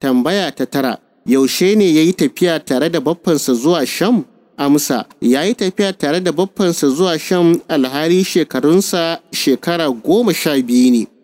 Tambaya ta tara, yaushe ne ya yi tafiya tare da baffansa zuwa Sham? Amsa, ya yi tafiya tare da baffansa zuwa Sham alhari shekarunsa shekara goma sha biyu ne.